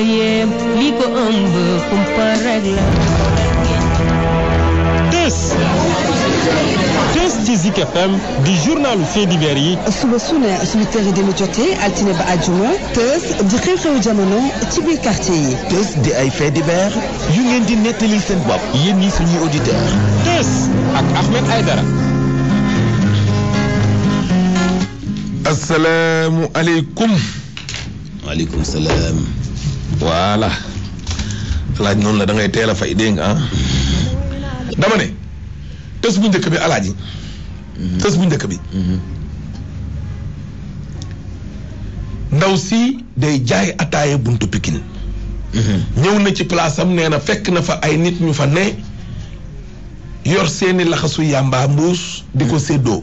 yéem li ko ëmb kumpa rek la. tës tës ci Zik di journalu faits divers yi. suba su ne subitere yi dina altine ba àjjuma tës di xew-xewu jamono ci biir quartier di ay faits divers yu ngeen di nettali seen bopp yéen ñi suñuy auditeurs. tës ak Ahmed Aidara. waaleykum salaam. voilà. alaaj noonu la da ngay teel a fay dégg nga ah. dama ne. tës bu njëkk bi alaaji. tës bu njëkk bi. ndaw si day jaay ataaye buntu pikin. ñëw na ci place am na fekk na fa ay nit ñu fa ne. yor seeni laxasu yàmbaa mbuus. di ko seddoo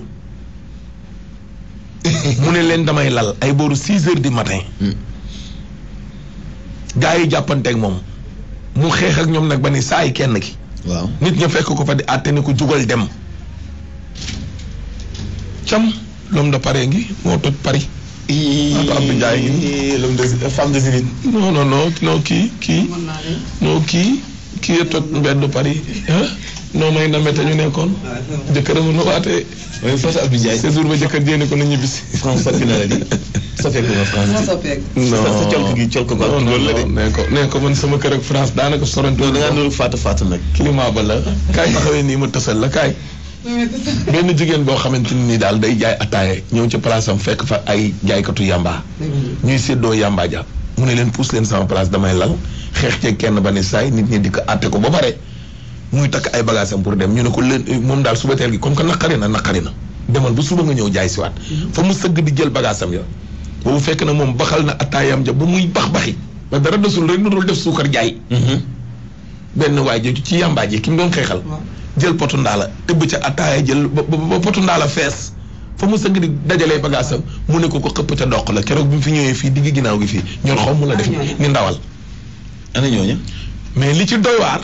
mu ne leen damay lal ay booru six heures du matin. Mm. gars yi jàppanteek moom mu xeex ak ñoom nag ba ni saay kenn ki. waaw nit ña fekk ko fa di àtte ni ko jugal dem. cam lom de Paris ngi moo toj Paris. Pape Abdou Ndiaye ngi l'homme de femme de Zénith. kii kii. non kii kii toj mbedd Paris ah. non may na ñu nekkoon. jëkkëram nu waatee. mooy Fatou Abdou Ndiaye. ce jour ba jëkkër jéene ko na ñibbisi. France soppeeku nga France. non soppeeku. non sa colk gi colk góor loolu la de. nee ko nee ko man sama kër ak France daanaka sorante. loolu da ngaa nuru faatu faatu nag. climat ba la kaay ma nii ma tësal la kaay. benn jigéen boo xamante ni daal day jaay ataaye ñëw ci place am fekk fa ay jaaykatu yamba. ñuy séddoo yamba ja mu ne leen pousse leen sama place damay lal xeex cee kenn ba ne saay nit ñi di ko àtte ko ba pare muy takk ay bagages am pour dem ñu ne ko leen eh, moom daal suba teel gi comme que naqari na naqari na demal ba suba ñëw jaay siwaat mm-hmm. fa mu sëgg di jël bagages am boobu fekk na moom baxal na attaayam ja ba muy bax baxi ba dara desul rek lu dul def suukar jaay. Mhm. benn waay jooju ci yàmbaa ji ki mu doon xeexal. jël potu ndaala tëbb ca attaaya jël ba ba potu ndaala fees. fa mu sëgg di dajalee bagage mu ne ko ko xëpp ca doq la keroog bi mu fi ñëwee fii digg ginnaaw gi fii ñor xaw mu la def ni ndawal. ana ñooñu. mais li ci doy waar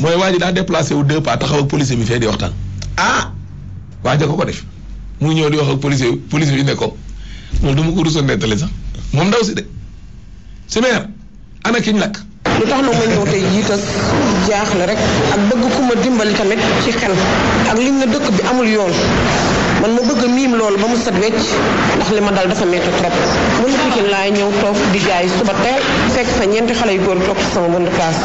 mooy waa ji daa déplacé wu deux taxaw ak policier bi fee di waxtaan. ah waaja ko ko def mu ñëwee di wax ak policier bi ne ko loolu dama ko rus a nettali sax moom ndaw si de si meer ana kiñ lakk lu tax nag ma ñëw tey jii jaaxle rek ak bëgg ku ma dimbali tamit ci xel ak lim na dëkk bi amul yoon man ma bëgg miim loolu ba mu set wecc ndax li ma dal dafa metti trop mënu Pikine laay ñëw toog di jaay suba teel fekk fa ñeenti xale yu góor toog sama bënd kaas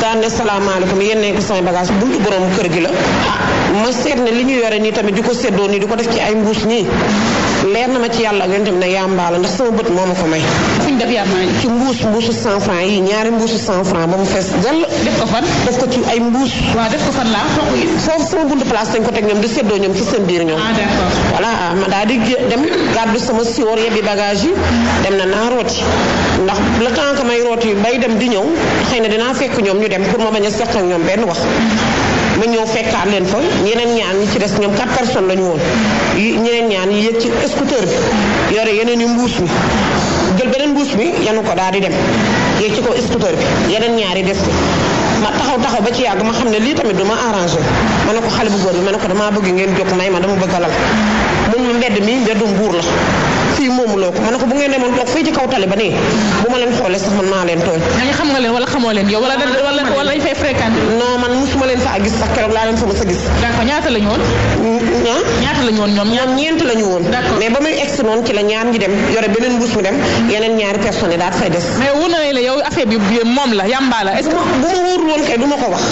daane salaamaaleykum yennee ko sama bagage buntu borom kër gi la ma seet ne li ñu yore nii tamit di ko seddoo nii di ko def ci ay mbuus nii leer na ma ci yàlla ak dem na ne yàmbaala ndax sama bët moo ma ko may. fuñ def yàlla ci mbuus mbuusu cent franc yi ñaari mbuusu cent franc ba mu fees dell. def ko fan. def ko ci ay mbuus. waaw def ko fan laa foofu sama buntu place dañ ko teg ñoom di seddoo ñoom ci seen biir ñoom. ah daal di dem gàddu sama siwoor yebbi bagage yi. dem na naa rooti. ndax le temps que may rooti bay dem di ñëw xëy na dinaa fekk ñoom ñu dem pour ma bañ a seq ñoom benn wax. ma ñëw fekkaat leen fa ñeneen ñaan ñi ci des ñoom quatre personnes lañu woon ñeneen ñaan yi yëg ci scooter bi yore yeneen yu mbuus mi jël beneen mbuus mi yanu ko daal di dem yëg ci ko scooter bi yeneen ñaari des fi ma taxaw taxaw ba ci yàgg ma xam ne lii tamit du ma arrangé ma ne ko xale bu góor bi ma ne ko damaa bëgg ngeen jóg may ma dama bëgg a lal mun ma mbedd mi mbeddu mbuur la fii moomu loo ko ma ne ko bu ngeen demoon toog fii ci kaw tali ba nii bu ma leen xoolee sax man maa leen tooñ xam nga leen wala xamoo leen yow wala wala fay fréquenté non man musuma leen sa gis sax keroog laa leen sama sa gis d'accord ñaata la ñu woon ñaata la ñu woon ñoom ñoom ñeent la ñu woon mais ba muy egsi noonu ci la ñaar ñi dem yore beneen mbuus mu dem mm-hmm. yeneen ñaari personnes yi daal fay des mais wóor na la yow affaire bi moom la yàmbaa la bu ma wóorul woon kay du ma ko wax.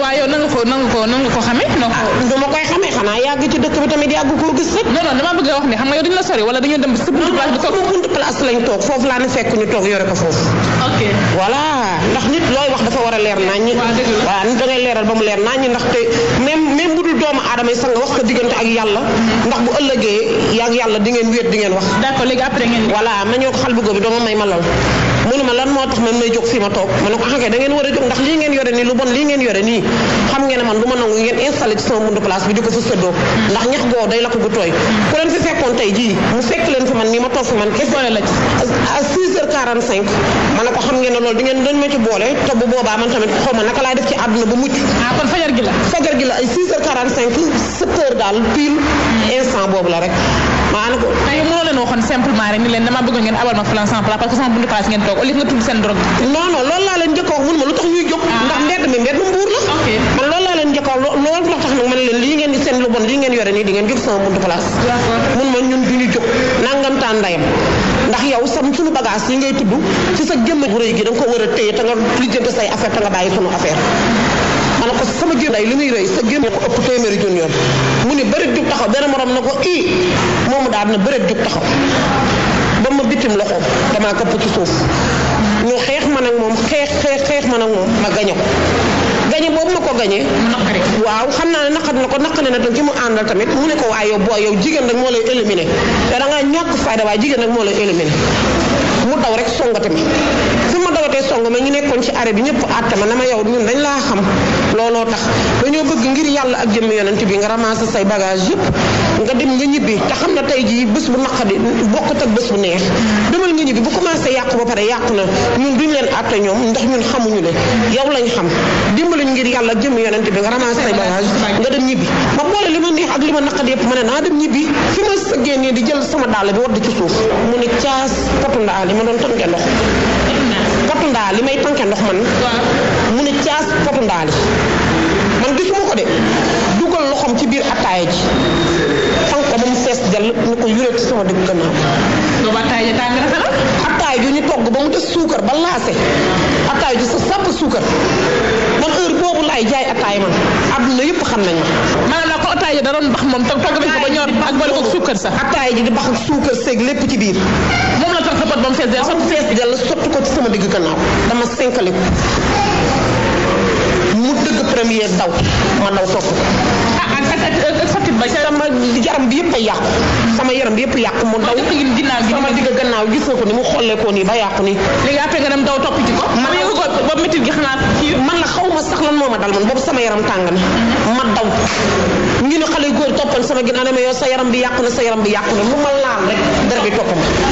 waaw yow nan nga ko nan ko nan nga ko xamee. Ah, ma koy xamee xanaa yàgg ci dëkk bi tamit yàgg koo gis rek. non non dama bëgg a wax ne xam nga yow dañu la sori wala dañoo ne fekk ñu toog yore ko foofu. ok voilà ndax nit looy wax dafa war a leer naa ñi. la waaw nit da ngay leeral ba mu leer naa ñi ndax te même même bu dul doomu aadama yi sax nga wax ko diggante ak yàlla. Mm-hmm. ndax bu ëllëgee yaa yàlla di ngeen wéet di ngeen wax. d'accord léegi après ngeen. voilà ma ñëw xal bu góob bi doo ma may ma lal mu ne ma lan moo tax man may jóg fi ma toog ma ne ko axakee da ngeen war a jóg ndax lii ngeen yore nii lu bon lii ngeen yore nii xam ngeen ne man du ma nangu ngeen installé ko fi séddoo mu fekk leen fi man nii ma toog ko xam ngeen ne loolu di ngeen doon ma ci boole te bu boobaa man tamit xaw ma naka laay def ci àdduna ba mucc ah kon fajar gi la fajar gi la ay 6h45 7h daal pile hmm. instant boobu la rek maa la ko tey mënoo leen waxoon simplement rek ni leen dama bëgg ngeen abal ma plan sans plan parce que sama buntu place ngeen toog au lieu a wax ah. ndax mbedd mi mbedd mbuur la man loolu laa a wax loolu tax nag man ngeen seen lu bon lii ngeen yore nii di ngeen jóg sama buntu place mun ma ñun duñu jóg nangam ndayam ndax yow sam suñu bagage yi ngay tudd ci sa jëmm bu rëy gi da ko war a téye te nga lijjante say affaire te nga bàyyi suñu affaire parce que sama génn day li muy rëy sa génn ko ëpp téeméeri junni mu ni bërit jub taxaw benn morom na ko ii moomu daal na bërit jub taxaw ba ma bitim loxoom damaa këpp ci suuf ñu xeex ma nag moom xeex xeex xeex ma nag moom ma gañe ko gañe boobu ma ko gañe waaw xam naa ne naqar na ko naqar na tam ci tamit mu ne ko waaye yow boo yow jigéen rek moo lay éliminé te da ñàkk fayda waaye jigéen rek moo lay éliminé mu daw rek songate ma su ma dawatee song ma ñu nekkoon ci arrêt bi ñëpp àtte ma na ma yow ñun dañ laa xam looloo tax dañoo bëgg ngir yàlla ak jëmm yonent bi nga ramasser say bagage nga dem ñibbi te xam bu naqadi bokkut ak bés bu neex ba pare yàqu na ñun duñ leen àtte ñoom ndax ñun xamuñu la yow lañ xam dimbaliñ ngir yàlla ak jëmm yonent bi nga ramasser say bagage nga dem ñibbi ma boole li ma neex ak li ma naqadi yëpp ma ne naa dem ñibbi fi ma sëggee nii di jël sama dàll bi wadd ci suuf mu ne caas potu ndaa li ma doon tànke ndox potu ndaa li may tànke ndox man mu ne caas potu ndaa li man gisuma ko de dugal loxoom ci biir attaaya ji fan ko ba mu fees dell ñu ko yuree ci sama digg gannaaw boobu attaaya attaaya ji ñu togg ba mu des suukar ba laase attaaya ji sa sàpp suukar man heure boobu laay jaay ataay man àdduna yëpp xam nañ ma maanaam daal ko ataay ji da doon bax moom togg nañ ko ba ñor ak suukar sax ataay ji di bax ak suukar seeg lépp ci biir moom la tax sa pot ba mu fees dell sotti ko ci sama digg gannaaw dama senkaliku première daw ma naw topp ah ak Fatick ba sama yaram bi yëpp a yàqu sama yaram bi yëpp yàqu mu daw sama digg gannaaw gis nga ko ni mu xollee ko nii ba yàqu nii léegi après nga dem daw topp ci ko ma yëgu ko ba métti gi xanaa man la xaw ma sax lan moo ma dal man boobu sama yaram tàng na ma daw ñu ne xale góor toppoon sama ginnaaw ne ma yow sa yaram bi yàqu na sa yaram bi yàqu na lu ma laal rek dara bi topp ma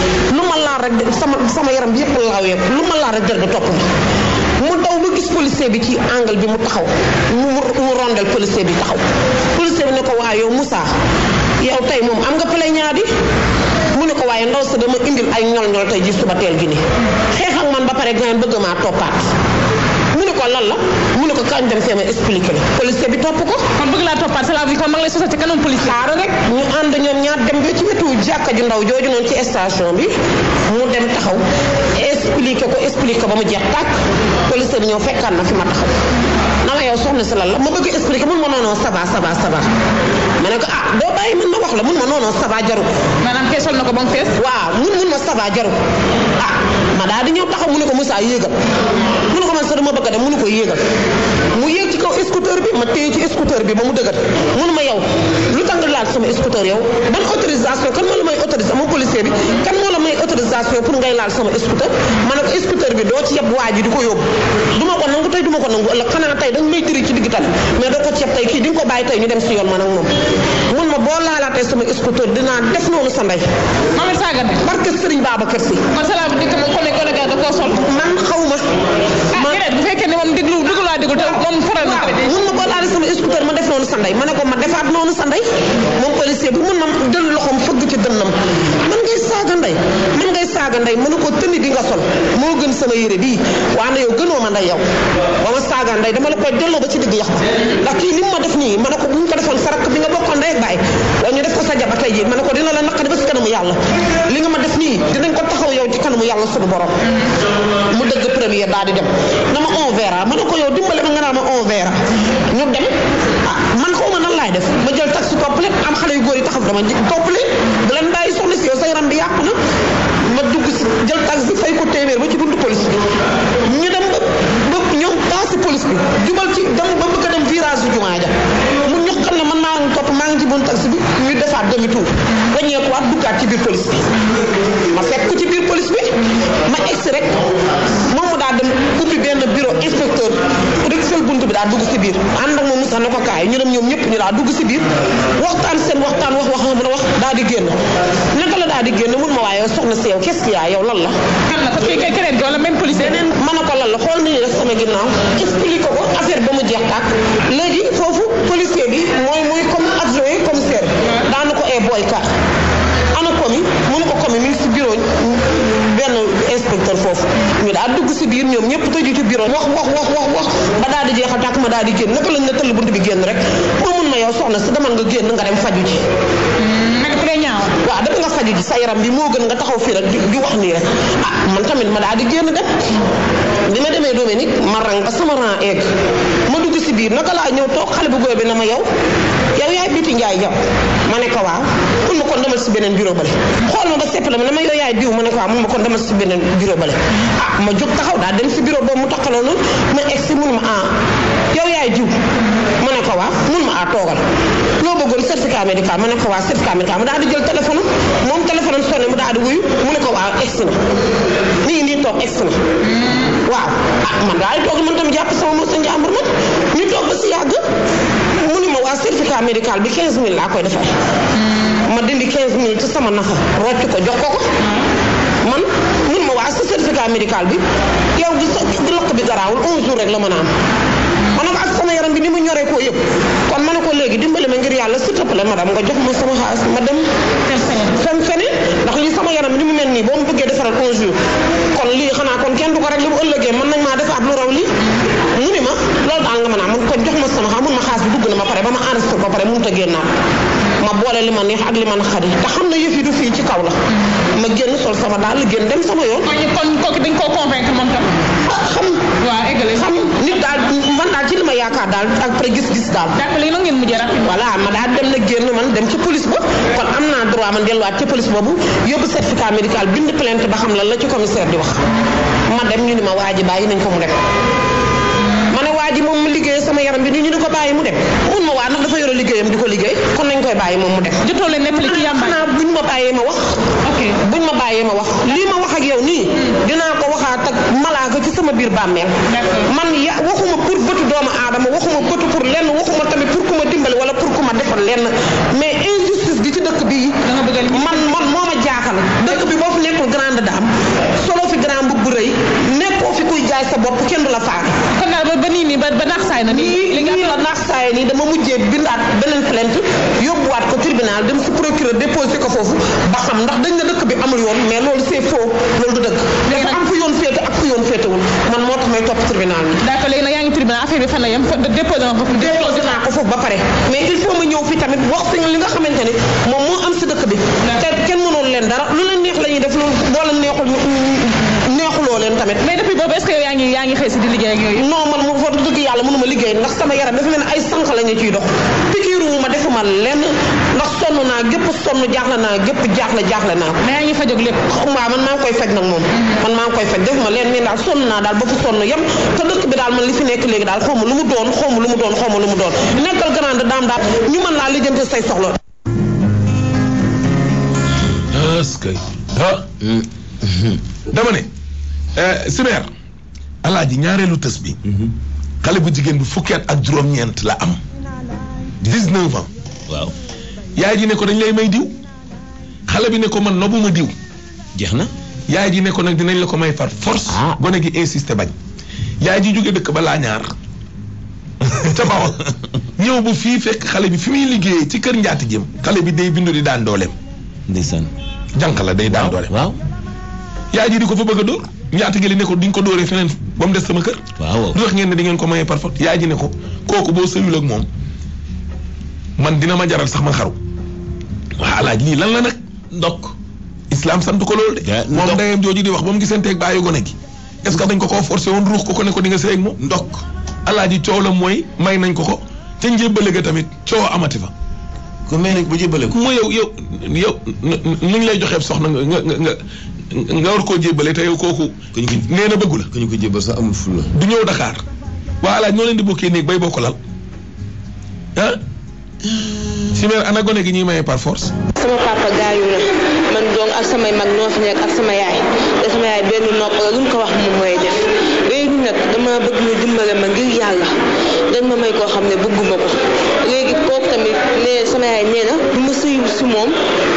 sama yaram bi yëpp laawee lu ma laa rek dërg topp bi mu daw ba gis policier bi ci angle bi mu taxaw mu mu rondel policier bi taxaw policier bi ne ko waa yow Moussa yow tey moom am nga plaignant di mu ne ko waaye ndaw sa dama indil ay ñol ñol tey ji suba teel gi ni xeex ak man ba pare gaan bëgg maa toppaat mu ne ko lan la mu ne ko kañ dem see ma expliqué la policier bi topp ko kon bëgg laa toppaat cela veut dire que lay sosal ci kanam policier xaaral rek ñu ànd ñoom ñaar dem ba ci wetu jàkka ju ndaw jooju noonu ci station bi mu dem taxaw expliqué ko expliqué ko ba mu jeex tàkk policier bi ñëw fekkaan na fi ma taxaw yow soxna si lan la ma bëgg expliquer mun ma noonoo ça va ça va ça va ma ne ko ah doo bàyyi man ma wax la mun ma noonoo ça va jaru ko. maanaam feesal na ko ba mu fees. waaw mun mun ma ça va jaru ko ah ma daal di ñëw taxaw mu ne ko Moussa yéegal mu ne ko man sax dama bëgg a dem mu ne ko yéegal mu yéeg ci kaw scooter bi ma téye ci scooter bi ba mu dëgër mun ma yow lu tax nga laal sama scooter yow ban autorisation kan moo la may autorisation moom policier bi kan moo la may autorisation pour ngay laal sama scooter ma ne ko scooter bi doo ci yeb waa ji di ko yóbbu du ma ko nangu tey du ma ko nangu ëllëg xanaa tey dañ may diri ci digg tali mais doo ko ceeb tey kii di nga ko bàyyi tey ñu dem si yoon man ak moom mun ma boo laalaatee sama scooter dinaa def noonu sa ndey Mamadou Saga barke Sëriñ Babacar Si man xaw ma ah, bu fekkee ne moom déglu dugg laa déglu te moom faral na ko mun ma bool arrêté sama scooter ma def noonu sanday ma ne ko ma defaat noonu sanday moom policier bi mun na jël loxoom fëgg ci dënnam man ngay saaga nday man ngay saaga nday mënu ko tënni di nga sol moo gën sama yére bii waa na yow gënoo ma nday yow ba ma saaga nday dama la koy delloo ba ci digg yax ndax kii li ma def nii ma ne ko bu ñu ko defoon sa rakk bi nga bokkoon nday ak baay ñu def ko sa jabar tey jii ma ne ko dina la naqari ba si kanamu yàlla li nga ma def nii dinañ ko taxaw yow ci kanamu yàlla sunu borom mu dëgg première daal di dem na ma on verra mu ne ko yow dimbale ma nga naa ma on verra ñu dem man ko ma nan lay def ma jël taxi topp leen am xalé yu góor yi taxaw dama topp leen bu leen soxna si yow say ram bi yaq na ma dugg si jël taxi fay ko téeméer ba ci dund police ñu dem ba ñom ñoom passé police bi jubal ci dem ba bëgg dem virage jumaa ja mu ñu xam ne man maa ngi topp maa ngi ci bon taxi bi ñu defaat demi tour wañeekuwaat duggaat ci biir police bi ma fekk ci biir police bi ma ex rek daal dem ubbi benn bureau inspecteur rek fël bunt bi daal dugg si biir ànd ak moom mu sax na ko kaay ñu dem ñoom ñëpp ñu daal dugg si biir waxtaan seen waxtaan wax wax mën a wax daal di génn naka la daal di génn mun ma waaye soxna si yow qu'est-ce lan la. kan la parce que keneen wala même policier neen ma ne ko lan ba mu jeex tàkk léegi foofu policier bi mooy mooy comme adjoint commissaire daanu ko ee eh, boykat ne mi ngi si bureau benn inspecteur foofu ñu daal dugg si biir ñoom ñëpp tëju ci bureau wax wax wax wax wax ba daal di jeexal ma daal di génn naka la tëll bunt bi génn rek ma mun ma yow soxna si demal nga génn nga dem faju ji hmm, waaw dama nga faju ji sa yaram bi moo gën nga taxaw fii rek di wax nii rek ah man tamit ma daal di génn dem bi ma demee doome ni ma rang ba sama rang biir naka laa ñëw toog xale bu góor bi na ma yow yow yaay Béti Ndiaye yow ma ne ko waaw mun ma kon demal si beneen bureau bale xool ma sepp la ma ne ma yow yaay diw ma ne ko waaw mun ma kon demal si beneen bureau bale ah ma jóg taxaw daal dem si bureau boobu mu taxaloon ma egg si mun ma ah yow yaay jiw ma ne ko waa mun ma a toogal loo bëggoon certificat médical ma ne ko waa certificat médical mu na nii ah, a njàmbur ma waa certificat médical bi 15000 laa koy defal ma dindi 15000 ci sama nafa rocc ko jox ko ko man mun ma waa sa certificat médical bi yow di lakk bi garaawul 11 jours rek la mën a am yaram bi ni mu ñoree koo yëpp kon ma ne ko léegi dimbali ma ngir yàlla s'il te plaît madame nga jox ma sama xaalis ma dem fenn ndax lii sama yaram ni mu mel nii boo ma bëggee defaral 11 kon lii xanaa kon kenn du ko rek li ma loolu daal nga mën a mun ko jox ma sama xaalis mun na ma pare ba ma enregistré ba pare mënut a ma boole li ma neex ak li ma naqari te xam na yëf du fii ci kaw la ma génn sol sama daal génn dem sama yoon kon kooku dañ koo convaincre moom tam ah, xam waaw eggale xam nit daal man daal ci li ma yaakaar daal après gis-gis daal. d'accord léegi nag ngeen mujjee rafet. voilà ma daal dem na génn man dem ci police ba kon am naa droit man delluwaat ci police boobu yóbbu certificat médical bind plainte ba xam lan la ci commissaire di wax ma dem ñu ni ma waa ji bàyyi nañ ko mu def ji moom mu liggéey sama yaram bi ni ñu di ko bàyyi mu dem mun waa ndax dafa yore liggéeyam di ko liggéey kon nañ koy bàyyi moom mu dem jotoo leen nettali ci yàmbaay xanaa buñ ma bàyyee ma wax ok buñ ma ma wax lii ma wax ak yow nii dinaa ko waxaat ak malaaka ci sama biir bàmmeel man ya waxuma pour bëtu doomu aadama waxuma bëtu pour lenn waxuma tamit pour ku ma dimbali wala pour ku ma defal lenn mais injustice bi ci dëkk bi man man moo a jaaxal dëkk bi boo nekkul grande dame solo fi grand mbubb bu rëy nekkoo fi kuy jaay sa bopp kenn du la saaga. ba nii nii ba naax saay na nii. li nga la naax saay nii dama mujjee bindaat beneen plainte yóbbuwaat ko tribunal dem si procureur déposé ko foofu ba xam ndax dañ na dëkk bi amul yoon mais loolu c'est faux loolu du dëgg. léegi am fu yoon féete ak fu yoon féetewul man moo tax may topp tribunal bi. d'accord yaa ngi tribunal affaire bi fan la yem déposé naa ko. foofu ba pare mais leen dara lu leen neex la ñuy def loolu boo leen neexul neexuloo leen tamit. mais depuis boobu est-ce que yow yaa ngi yaa ngi xëy si di liggéey ak yooyu. non man ma fa dëgg yàlla ko. mais yaa ngi man maa koy faj nag moom. Mm-hmm. man maa koy faj def leen nii daal sonn naa daal ba fu sonn yem te dëkk bi daal man li fi nekk léegi daal xaw ma lu mu doon xaw lu mu doon xaw ma lu mu daal ñu mën laa lijjanti say soxla est que ah. Mm. Mm-hmm. dama ne. Eh, Sibeer. alaaji ñaareelu tës bi. Mm-hmm. xale bu jigéen bi fukki ak juróom-ñeent la am. 19 ans. waaw. yaay ji ne ko dañ lay may diw. xale bi ne ko man nobuma diw. jeex na. yaay ji ne ko nag dinañ la ko may far force. Ah. gone gi insisté bañ. yaay ji jóge dëkk ba laa ñaar. ca ñëw bu fii fekk xale bi fi muy liggéeyee ci kër njaati jëm xale bi dey bindu di daan dooleem. jànq la day daan doole waaw yaay ji di ko fa bëgg a dóor ñaata gi li ne ko di ko dóoree feneen ba mu des sama kër waaw du wax ngeen ne di ngeen ko mayee par force yaay ji ne ko kooku boo sëyul ak moom man dina ma jaral sax ma xaru waa laaj lii lan la nag ndokk islam sant ko loolu de moom ndeyam jooju di wax ba mu gisanteeg bàyyi gone gi est-ce que dañ ko koo forcé woon ruux ko ko ne ko di nga sëy ak moom ndokk alaaji coow la mooy may nañ ko ko ca njébbale ga tamit coow amati fa kon may nañ ba jébbale ko. mooy yow yow yow ñu lay joxeeb soxna nga nga nga nga war koo jébbale te yow kooku. nee na bëggu la. ku ñu ko jébbal sax amul fula. du ñëw Dakar. waa ñoo leen di bokkee bay bokk lal ah. si mère gi ñuy maye par force. sama papa na man donc ak samay mag noo fi nekk ak sama yaay benn nopp la lu mu ko wax. dimbale ma ngir yàlla dañ ma may koo xam ne bëgguma ko léegi kooku tamit nee sama yaay nee na ma sëyu si moom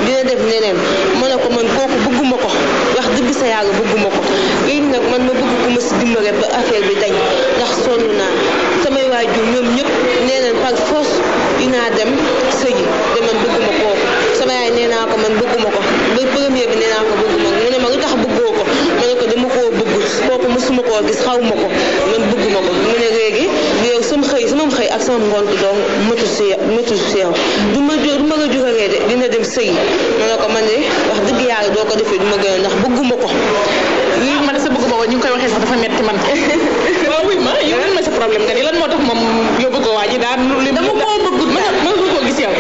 dina def neneen ma ne ko man kooku bëgguma ko wax dëgg sa yàlla bëgguma ko léegi nag man ma bëgg ku ma si affaire bi dañ ndax sonn naa samay waajur ñoom ñëpp nee nañ dinaa dem sëyi te man bëgguma kooku sama yaay nee ko man bëgguma ko ba bi nee ko bëgguma ko mu ne ma lu tax bëggoo ko ma ne ko dama koo bëgg kooku mësuma koo gis xaw ma ko man bëgguma ko mu ne léegi yow sama xëy sama xëy ak sama ngont donc mëtu si mëtu si yow ma du ma la de dina dem sëy ma ne ko man de dëgg yàlla doo ko defee du ma gën a ndax bëgguma ko lii sa bëgg boobu ñu ngi koy waxee dafa metti man waaw oui ma yow lan mooy sa problème nga ni lan moo tax moom yow bëggoo waa ji daal dama ma bëgg gis yow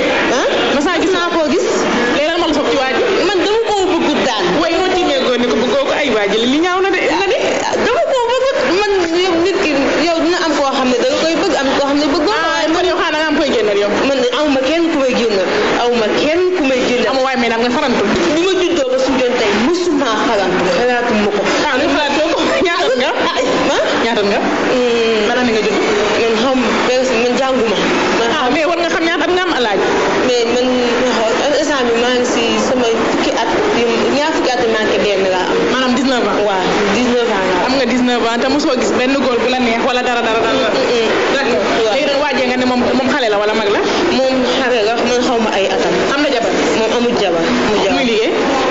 19 ans te mosoo gis benn góor bu la neex wala dara dara dara. Mm, mm, mm. d'accord léegi nag ne moom xale la wala mag la. moom xale la man xaw ma ay atam. am na jabar moom amul jabar. amul jabar muy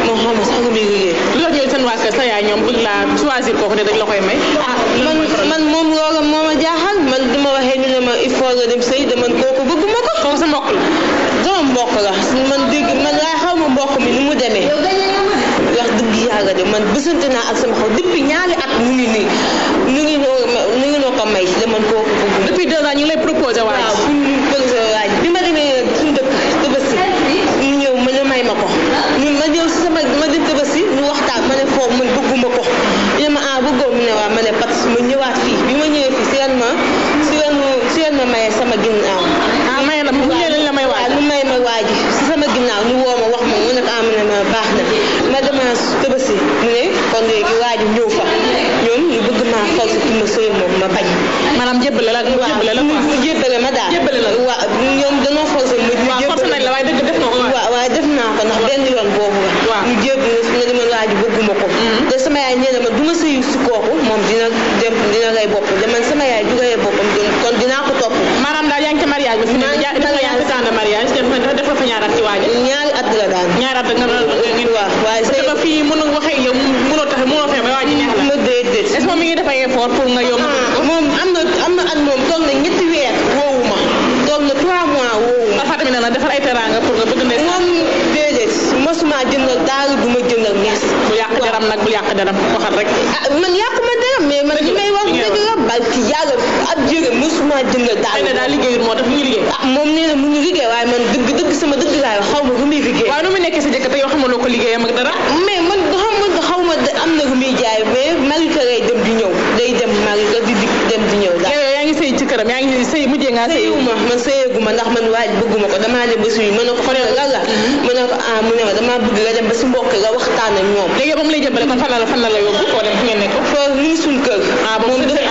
moom xaw ma sax muy liggéey. waa kër sa yaay ñoom bëgg laa choisir kooku ne dañ la koy may. ah man moom loolu moo ma jaaxal man du ma waxee ñu ne ma il faut nga dem sëy de kooku bëgguma ko. kooku sa mbokk la. sama mbokk la man dégg man laay xaw ma mbokk mi ni mu demee. wax dëgg yàlla de man bësante naa ak sama xaw depuis ñaari at mu ngi nii ñu ngi ngi noo ko may de man kooku bëgguma. depuis deux ans ñu lay proposé waaye. maanaam jébbale la la mu jébbale ma daal jébbale la waaw ñoom danoo foog sa mu jébbale nañ la waaye dëgg def na ko waaw waaye def naa ko ndax benn yoon boobu la ñu jébb na dama laaj bëgguma ko mm-hmm. te sama yaay nee na ma ma sëyu si kooku moom dina dem dina lay bopp dama sama yaay du lay kon dinaa ko topp maanaam daal yaa ngi ci mariage bi. maa ngi ci mariage bi de mariage def fa ñaari at ci la daal. ñaari at nga ba fii mën nga waxee yow mënoo tax mënoo fexe ba waa ji neex la. déedéet est-ce que ah, ne. daal du jëndal ñes. bu yàq daram nag bu yàq daram waxal rek. ah man yàq ma mais man li may wax dëgg la barki yàlla maa jëndal daal ne daal liggéeyul moo tax mu ngi liggéey ah moom nee na mu ngi liggéey waaye man dëgg dëgg sama ma lu muy liggéey waaw nu mu ko ma na lu muy jaay di ñëw day dem Malika di di dem di ñëw daal yaa ngi sëy ci këram yaa ngi ma man sëyeeguma ndax man waaj bëgguma ko ma ne la la mm-hmm. ma ne ko ah ne ma damaa bëgg nga dem ba si mbokk nga waxtaan ak ñoom léegi ma mu lay jëmbale kon fan la fan la la yóbbu koo dem fu ngeen nekk foofu mu ngi suñ kër ah,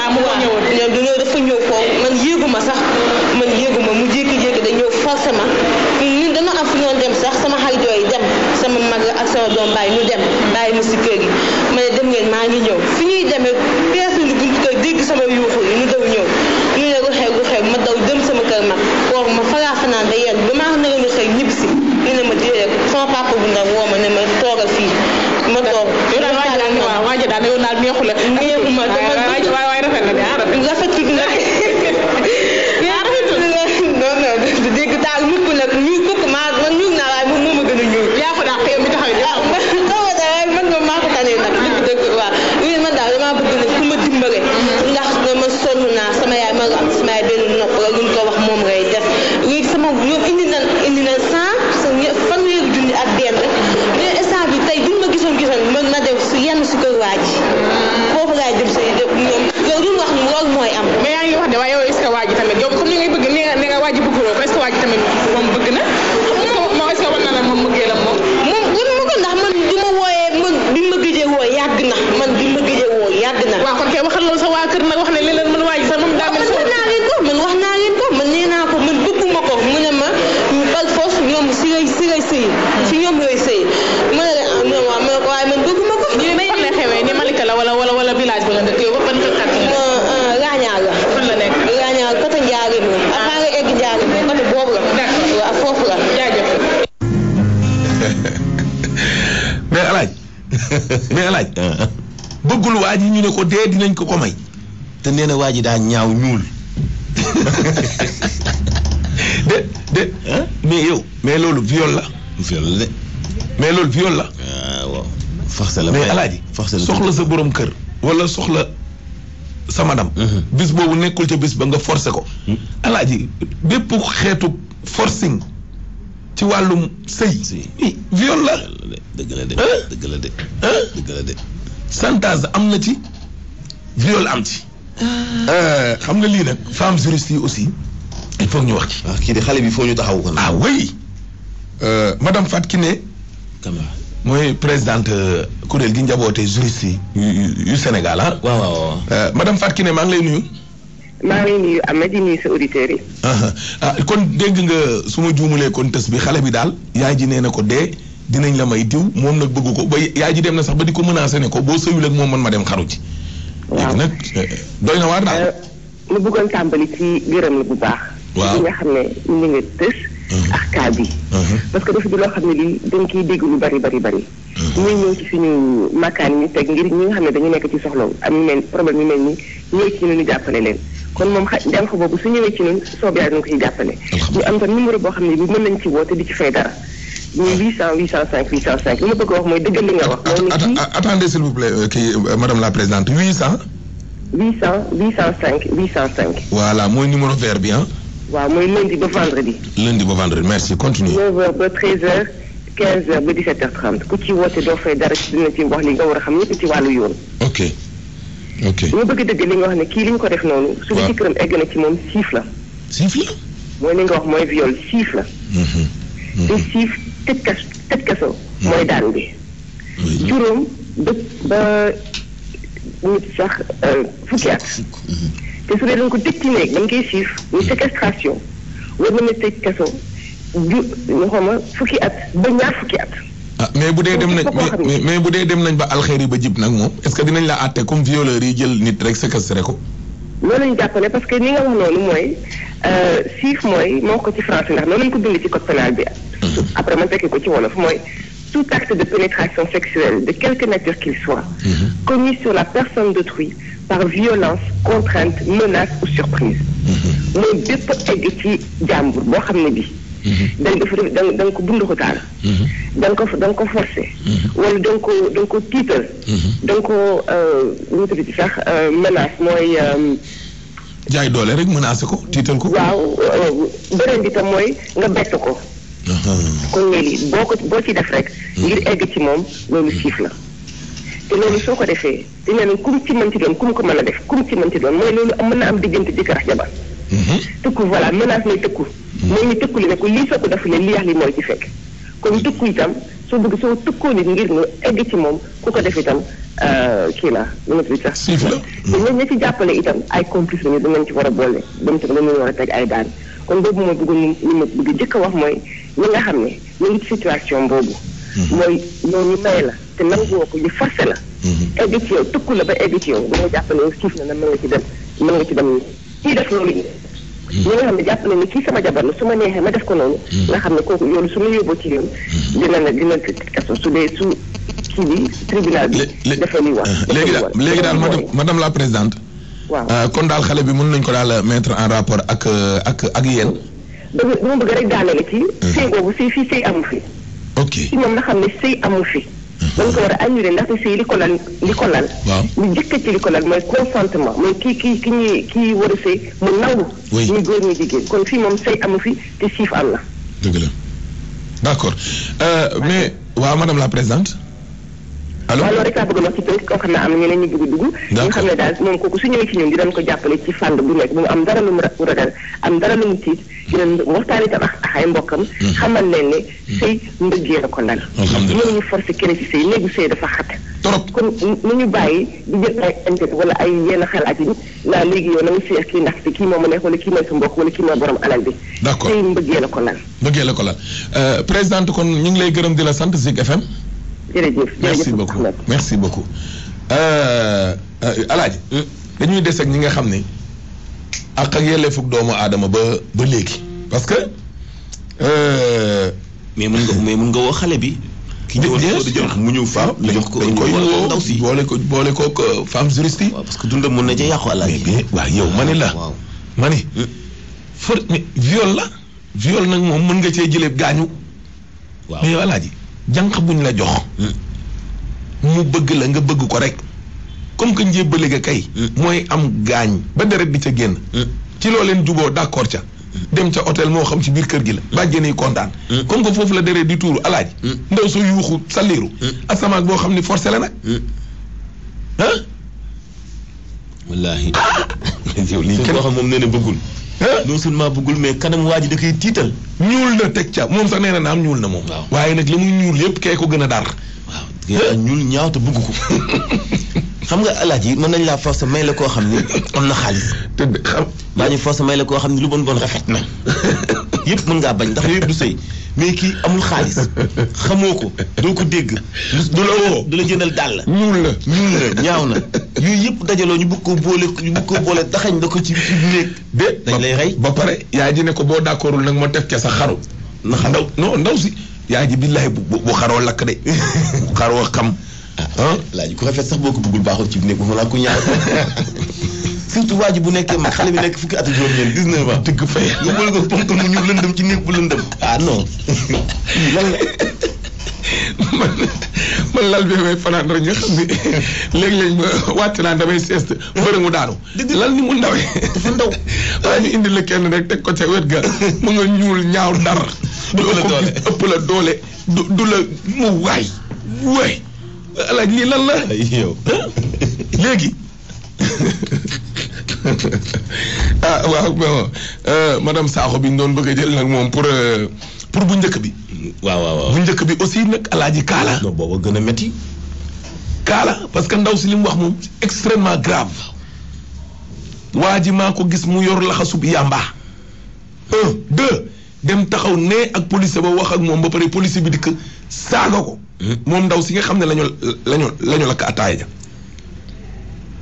ñoom dañoo dafa ñëw foofu man yéeguma sax man yéeguma mu jékki-jékki dañ ñëw forcé ma ñun dañoo am fu ñoo dem sax sama xarit yooyu dem sama mag ak sama doom bàyyi mu dem bàyyi ma si kër gi ma dem ngeen maa ngi ñëw fi ñuy demee peesu ñu buntu sama yuuxu yi ñu daw ñëw ñu ne gu ma daw dem sama kër ma kooku ma faraa fanaan ba yenn ba maa nara ñu xëy ñibbi si ñu ne ma déedéet sama papa bu ndaw woo ma ne ma toogal fii ma toog waaw waaja daal yow la neexu ma la a mais laaj bëggul waa ji ñu ne ko dee dinañ ko ko may te nee na waa ji daa ñaaw ñuul de de mais yow mais loolu viol la viol la de mais loolu viol la waaw forcé la mais alaaji soxla sa borom kër wala soxla sa madam bis boobu nekkul ca bis ba nga forcé ko alaaji bépp xeetu forcing ci wàllum sëy. viol la dëgg am na ci viol am ci. Ah. Euh, xam nga lii nag femmes juristes yi aussi il faut ñu wax ci. waaw ah, kii di xale bi foo ñu taxawu ko ah oui euh, madame Fatou Kiné. mooy présidente euh, kuréel gi njaboote juriste yi. yu Sénégal ah. waaw waaw waaw. madame Fatou Kiné maa ngi lay nuyu. maa ngi am Amady di nuyu sa auditeurs yi. Ah, kon dégg nga su ma juumalee kon tës bi xale bi daal yaay ji nee na ko dee dinañ la may diw moom nag bëgg ko ba yaay ji dem na sax ba di ko menacé ne ko boo sëyul ak moom man ma dem xaru ci waaw nag eh, doy na waar daal. Euh, mu bëggoon tàmbali ci gërëm la bu baax. waaw xam ne ñu nga tës. ak kaa bi. parce que dafa di loo xam ne lii dañ koy dégg lu bari bari bari. muy ñëw ci suñu makkaan yi ñu teg ngir ñi nga xam ne dañu nekk ci soxla am ñu mel problème yu ñëw ci ñun ñu jàppale leen kon moom xa jànq boobu su ñëwee ci ñun soob yaa ñu koy ci jàppale ñu am tam numéro boo xam ne bi mën nañ ci woote di ci fay dara ñuy 800 805 805 li ma bëgg a wax mooy dëggal li nga wax loolu attendez s'il vous plaît euh, kii euh, madame la présidente 800 800 805 805 voilà mooy numéro vert bi ah waaw mooy lundi ba vendredi lundi ba vendredi merci continuez. 9h ba 13h 15h ba 17h30 ku ci woote doo fay dara ci dina ci wax li nga war a xam yëpp ci wàllu yoon ok ok ñu bëgg dëgg li nga wax ne kii li ko def noonu. waaw su dee ci këram egg na ci moom siif la. siif la. mooy li nga wax mooy viol siif la. Mhm. Mhm. te siif tëj kaso. mooy mhm. daan bi. juróom dëkk ba nit sax euh, fukki at. te su dee dañ ko tëj ci néeg dañ koy siif ñu séquestration war na ma tëj kaso ju ñu xaw fukki at ba ñaar fukki at. Ah, mais bu dem nañ mais bu dem nañ ba alkhairi ba jib nak mom est-ce que dinañ la atté comme violeur yi jël nit rek séquestré ko. loolu la ñu jàpp ne parce que ni nga wax noonu moy euh sif moy moko ci france ndax noonu lañ ko dindi ci code pénal bi. Mhm. après man tekki ko ci wolof moy tout acte de pénétration sexuelle de quelque nature qu'il soit. Mhm. commis sur la personne d'autrui par violence contrainte menace ou surprise. moy mhm. bépp egg ci jambour bo xamné bi Mm-hmm. da nga ko da nga ko bunduxutaal. da ko mm-hmm. da nga ko forcé. Mm-hmm. wala da ko da ko tiital. da ko euh, nu mu tudd sax euh, menace mooy. Euh, jaay doole rek menacé ko tiital ko. waaw beneen bi tam mooy nga bett ko. kon léegi boo ko boo ci def rek. ngir egg ci moom loolu siif la. te loolu soo ko defee dañu ne kum ci mën ci doon kum ko mën a def kum ci mën ci doon mooy loolu mën na am diggante jëkkër a jabar Mm-hmm. tëkku voilà menace lay tëkku. Mm-hmm. mooy ñu tëkku li ne ko lii soo ko defulee li yàq li mooy ci fekk. kon tëkku itam soo bëgg soo tëkkoo nit ngir nga egg ci moom ku ko def itam euh, kii la lu ma tudd sax. siif la mm-hmm. te ñoom ci jàppale itam ay complice la ñu ci war a boole dem itam dañu a teg ay daan kon boobu mooy bëgg ñu li ma bëgg njëkk a wax mooy ñi nga xam ne ñu ci situation boobu. mooy ñoo ñu la te nangoo ko ñu forcé la. egg ci yow tëkku la ba egg ci yow dina jàppale yow suuf na na mën nga ci dem mën nga ci dem. kii def loolu ñu. ñi nga xam ne jàpp nañu kii sama jabar la su ma neexee ma def ko noonu. Hmm. nga xam ne kooku yoon su ma yóbboo ci yoon. Hmm. dina la dina kaso su dee su kii bi tribunal bi. dafa ñuy wax léegi daal léegi daal madame la présidente. waaw euh, kon daal xale bi mun nañ ko daal mettre en rapport ak ak ak yéen. dama bëgg rek daanaka ci. Hmm. sëy boobu sëy fii sëy amu fi. ok ci moom nga xam ne sëy amu fi. dañ ko war a annulé ndaxte fii li ko lan li ko lan. waaw lu njëkk ci li ko lan mooy consentement mooy kii kii ki ñuy kii war a sëy mu nangu. oui ñu góor ñu jigéen kon fii moom sëy amu fi te siif am na. dëgg la d' accord euh, mais waaw madame la présidente. allo waaw loolu rek laa bëgg a wax ci tënk koo ne am na ñeneen ñu bëgg a dugg. d' accord ñu xam ne daal moom kooku su ñëwee ci ñun dinañ ko jàppale ci fànn bu nekk bu mu am dara lu mu ragal am dara lu mu tiit dinañ waxtaan itam ak ay mbokkam. Hmm. xamal leen ne hmm. sëy mbëggee la ko lal. alhamdulilah ñu forcé keneen ci sëy néegu sëy dafa xat. trop kon nu ñu bàyyi di jël naa léegi yow na nga kii ndax kii moom ma neex wala kii mooy sa mbokk wala kii mooy borom alal bi. d' accord sëy mbëggee ko la euh, présidente kon ñu ngi lay gërëm di la sant Zik FM jërëjëf merci beaucoup merci beaucoup euh, euh alaaji hmm? dañuy dess ak ñi nga xam ni ak ak yelleefug doomu adama ba ba légui parce que euh, mais mën nga mais mën nga woo xale bi ki ñëwoon Codé Dior mu ñëw femme. dañ koy woo ndaw si boole ko boole euh, femme juriste parce que dundam mën na cee yàqu alaaji. mais waaw yow mané la mané ni. Hmm? viol la. viol nak mom mën nga ci jëlee gañu waaw mais yow alaaji jànq buñ la jox mu bëgg la nga bëgg ko rek comme que njébbale ga kay mooy am gaañ ba deret di ca génn ci loo leen juboo d'accord ca dem ca hôtel moo xam ci biir kër gi la bàjjeen yi kontaan comme que foofu la deret di tuuru alaaj ndaw sa yuuxu saliiru asamaak boo xam ni forcé la nag ah wallaahi yow lii kenn moom nee na bëggul non seulement bëggul mais kanam waa ji da koy tiital. ñuul na teg ca moom sax nee na naam ñuul na moom. waaye nag la muy ñuul yépp kee ko gën a dar. ak ñuul ñaaw te bugg ko xam nga alaaj yi mën nañ laa force may la koo xam ni am na xaalis. tëdd xam ñu force may la koo xam ni lu bon bon rafet na yëpp mën ngaa bañ ndax yooyu yëpp du sëy mais kii amul xaalis xamoo ko doo ko dégg. du la woo du la jëndal dàll. ñuul la ñuul la ñaaw na yooyu yëpp dajaloo ñu bëgg ko boole ñu bëgg ko boole da ko ci néeg. de dañ lay rey ba pare yaa ji ne ko boo d'accordul nag moo def ca sa xaru. na xam ndaw non ndaw si. yaa ji billahi bu bu xaroo lakk de bu xaroo xam. ah laaj ku rafet sax boo ko bëggul baaxul ci nekk fa laa ku ñaar surtout waa bu nekkee mag xale bi nekk fukki at juróom-ñeent dix-neuf ans. dëgg fa yàlla nga bëgg nga ponk mu ñu lëndëm ci néeg bu lëndëm. ah non lan la. man lal bi may fanaan rek nga xam ne léeg-léeg ma wàcc naa damay sieste bëri mu daanu lal ni mu ndawee dafa ndaw waaye ñu indi la kenn rek teg ko ca wet ga mu nga ñuul ñaaw dar ëpp la doole ëpp la doole du la mu waay waay alaaj lii lan la léegi ah waaw euh, madame Sakho bi ñu doon bëgg a jël nag moom pour euh, pour bu njëkk bi. waaw njëkk bi aussi nag alaaji kaala. non booba gën a métti. kaala parce que ndaw si li mu wax moom extrêmement grave. waa ji maa ko gis mu yor laxasu yàmba. un deux dem taxaw ne ak police ba wax ak moom ba pare police bi dikk saaga ko. Hmm. moom ndaw si nga xam ne lañu lañu lañu lakk ataaya ja.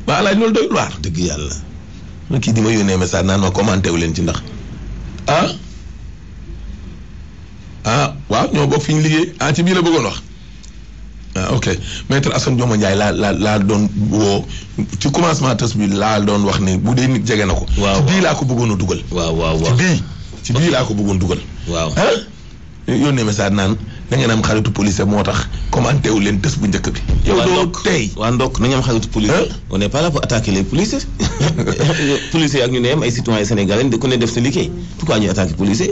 waa alaaji loolu doyul waar. dëgg yàlla. kii di ma yónnee message naan ma commenté wu leen ci ndax ah? ah waaw ñoo bokk fi ñu liggéey ah ci bii la bëggoon wax ah ok maître Assane Dioma Ndiaye laa laa laa doon woo ci commencement tës bi laa doon wax ne bu dee nit jege na ko. waaw ci bii laa ko bëggoon a dugal. waaw waaw waaw ci bii. ci bii laa ko bëggoon dugal. waaw ah yónnee message naan. da ngeen am xaritu policier moo tax commenté wu leen tës bu njëkk bi. yow doo tey waa ndokk nañu am xaritu policier. on n'est pas là pour attaquer les policiers. policiers ak ñu ne am ay citoyens sénégalais ne def sa liggéey pourquoi ñu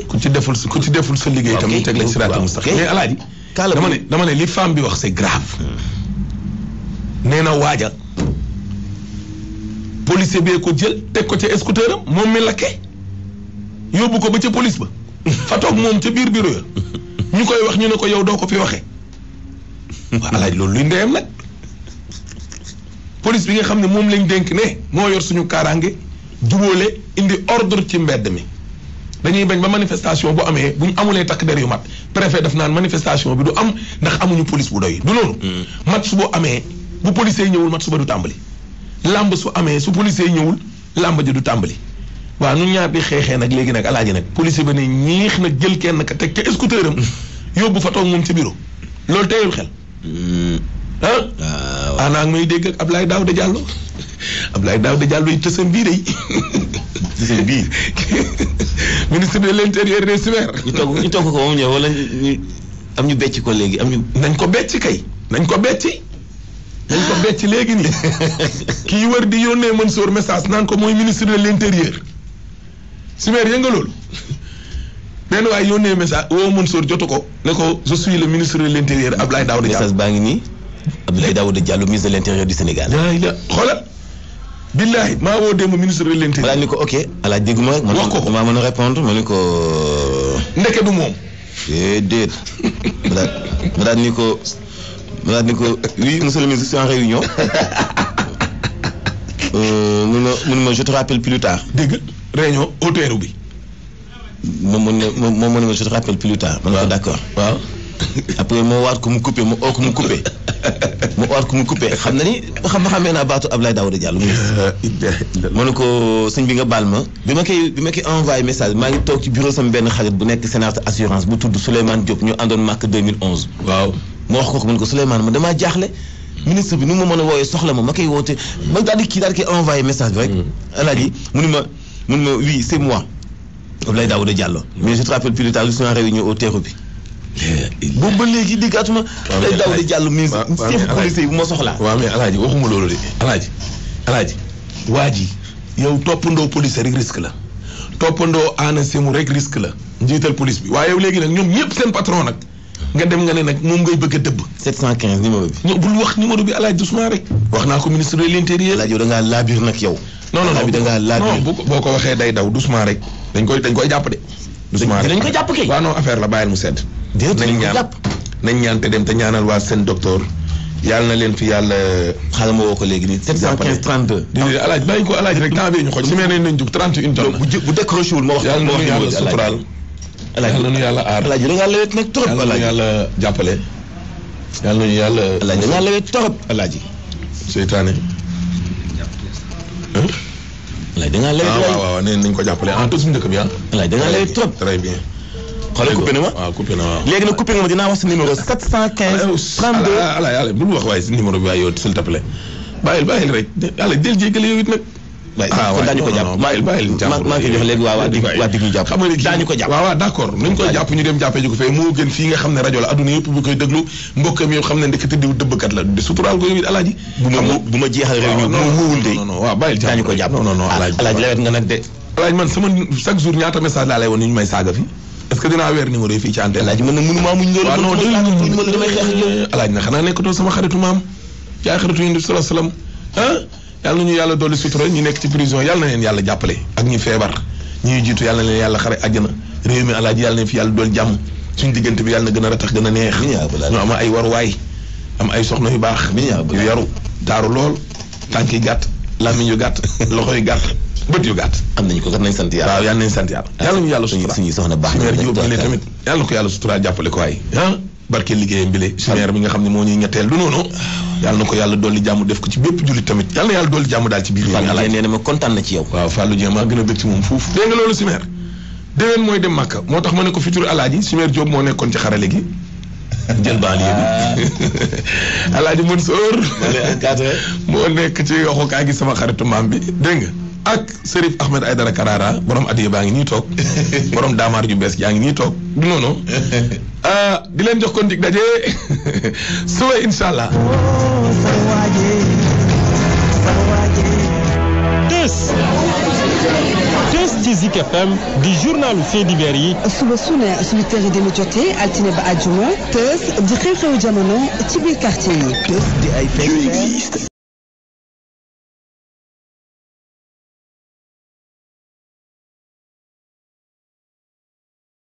ku ci deful ku ci deful sa liggéey tam ñu teg la ci siraat mustaqim mais alaaji dama dama ne li femme bi wax c'est grave. Hmm. nee na waaja policier bee ko jël teg ko ca scooter am moom mi lakke yóbbu ko ba ca police ba fa toog moom ca biir bureau ya ñu koy wax ñu ne ko yow doo ko fi waxee. alaaj loolu luy ndeyam nag. police bi nga xam ne moom lañ dénk ne moo yor suñu kaaraange jubóole indi ordre ci mbedd mi dañuy bañ ba manifestation bu amee bu ñu amulee takk der yu mat préfet daf naan manifestation bi du am ndax amuñu police bu doy du loolu. Hmm. mat su boo amee bu policier ñëwul mat suba du tàmbali. làmb su amee su policier ñëwul làmb ji du tàmbali. waaw nu ñaar bi xeexee nag léegi nag alaaji nag police ba ne ñiix nag jël kenn ka teg ca scooter am yóbbu fa toog moom ci bureau loolu teyul xel. Hmm. Ah? ah. waaw ana dégg ak Ablaye Daouda Diallo Ablaye Daouda Diallo yi tësën bii de tësën bii. ministre de l' intérieur ñu togg ñu togg ko ba mu ñëw wala ñu am ñu becci ko léegi am ñu. nañ ko becc kay. nañ ko becci. nañ ko becc léegi nii. kii wër di ne yónnee Mansour message naan ko mooy ministre de l' intérieur. Simeer yënga loolu benn waaye yónnee message woo Mansour jotu ko ne ko je suis le ministre de l' intérieur Abdoulaye Daouda Diallo message baa ngi nii Abdoulaye Daouda Diallo ministre de l' intérieur du Sénégal. yaa ngi maa woo démb ministre de l' intérieur. balaa ni ko ok ala dégguma. wax ko ma mën a répondre ni ko. Euh, ndeke du moom. déedéet. ma daal ni ko ma daal ni euh, mun ma mun ma je te plus tard. dégg réunion hôtel bi. moom mu ne ma je te rappelle man ko d'accord waaw. après moo waat ko mu coupé mu oo ko xam na ni xam xamee naa baatu Abdoulaye Daouda Diallo. ma ne ko sëñ bi nga baal ma. bi ma koy bi maa ngi toog ci bureau sama bu nekk Sénat assurance bu tudd Souleymane Diop ñu àndoon màkk 2011. waaw ma jaaxle. ministre bi nu ma mën a wooyee soxla ma ma koy woote ma daal di kii daal di koy envoyé message bi rek. Mm. alaaji mu ni mu ne ma oui c'est lay Abdoulaye Daouda Diallo mais je te rappelle plus tard je suis en au Terrou-Bi boobu ba léegi déggaatuma Abdoulaye Daouda Diallo mais chef policier bu ma soxlaa waaw mais alaaji waxuma loolu de alaaji waa ji yow toppandoo police rek risque la toppandoo ANACIM rek risque la njiital police bi waaye yow léegi nag ñoom ñëpp seen patron nag nga dem nga ne nag moom ngay bëgg a dëbb. 715 numéro bi. ñu bul wax numéro bi alaaj doucement rek. wax naa ko ministre de l'intérieur. yow da ngaa laabir nag yow. non non ko waxee koy dañ koy jàpp de. doucement rek dañ ko jàpp kay. waaw non affaire la bàyyil mu sedd. nañ ñaan nañ ñaan te dem te ñaanal waa seen docteur. yàlla na leen fi yàlla. xaaral woo ko léegi nii. 715 32. di di alaaj bu décroché ma wax. yàlla na leen yàlla suturaal alaaji yàlla na ñu yàlla aar alaaji da ngaa lewet nag trop alaaji yàlla na ñu yàlla jàppale. yàlla na ñu yàlla. alaaji da ngaa lewet trop alaaji. seytaane. alaaji da ngaa lewet trop ah, waaw waaw nee nañ ko jàppale ah suñu dëkk bi ah. alaaji da ngaa lewet trop très bien. xoolal coupé na ma waaw ah, coupé na waaw. léegi nag coupé nga ma dinaa wax si numéro 715. 32 alaaji alaaji bul wax waaye si numéro bi waaye yow s'il te plaît bàyyil bàyyil rek alaaji del jéggale yow it nag. waaw ah, waaw daañu ko jàpp maa ngi jox léegi waaw waa digg waa digg ñu jàpp xam nga léegi d'accord nuñ koy jàpp ñu dem jàppee ji fee moo gën fii nga xam ne rajo la adduna yëpp bu koy déglu mbokkam yëpp xam ne ndekk tëddiw dëbbkat la suturaal ko yow it ma jeexal man sama chaque jour ñaata message laa lay woon ñu may saaga fi est que dinaa weer numéro yi fii ci antenne na mënu maa muñ sama xaritu maam yaay xaritu yonent bi sallallahu alayhi wasallam yàlla na ñu yàlla dolli sutura ñu nekk ci prison yàlla na leen yàlla jàppale ak ñi feebar ñi jiitu yàlla na leen yàlla xare àjjana réew mi alaaji yàlla na fi yàlla dool jàmm suñu diggante bi yàlla na gën a ratax gën a neex ñu am ay waay am ay soxna yu baax yu yaru taaru lool tànk yu gàtt làmmiñ yu gàtt loxo yu gàtt bët yu gàtt am nañu ko kat nañ sant yàlla waaw yàlla nañ sant yàlla yàlla ñu yàlla sutura suñuy soxna baax suñu yar jóob tamit yàlla na ko yàlla sutura jàppale ko waay barke liggéeyam bi la si maire bi nga xam ne moo ñuy ñetteel du noonu yàlla na ko yàlla dolli jàmm def ko ci bépp jullit tamit yàlla na yàlla dolli jàmm daal ci biir yàlla nee na a bëgg ci moom foofu dégg nga loolu si maire mooy dem Màkka moo tax ma ne ko futur alaaji si maire Diop moo nekkoon ci xarale gi jël baal yéen alaaji Mansour moo nekk ci kaa gi sama xaritu maam bi dégg nga ak Serif Ahmed Aydara Karara borom adiya baa ngi nii toog borom daamaar ju bees yaa ngi nii toog du noonu ah, di leen jox kon dig daje suba incha allah. tës Zik FM di journalu faits divers yi. suba su ne suñu tëri dina altine ba àjjuma tës di xew-xewu jamono ci biir quartier yi. tës di ay